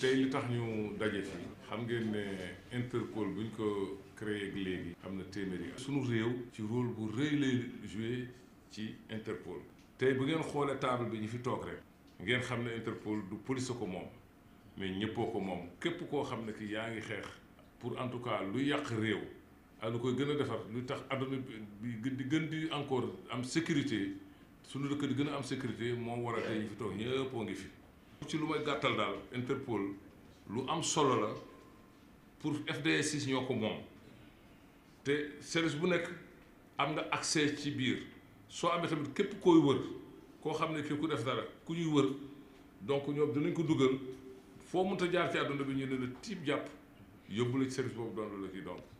tey li tax ñu daje fii xam ngeen ne Interpol buñ ko créer ak léegi am na téeméeri sunu réew ci rôle bu rëy lay joué ci Interpol tey bu ngeen xoolee table bi ñu fi toog rek ngeen xam ne Interpol du police ko moom mais ñëppoo ko moom képp koo xam ne ki yaa ngi xeex pour en tout cas lu yàq réew ak lu koy gën a defar lu tax àdduna bi gën di gën di encore am sécurité sunu dëkk di gën a am sécurité moom wara a tey ñu fi toog ñëppoo ngi fi ci lu may gàttal daal Interpol lu am solo la pour FDS ñoo ko moom te service bu nekk am nga accès ci biir soo amee tamit képp kooy wër koo xam ne kii ku def dara ku ñuy wër donc ñoom dinañ ko dugal foo mënta jaar ci àdduna bi ñu ne la tiib jàpp yóbbu la ci service boobu doon la kii donc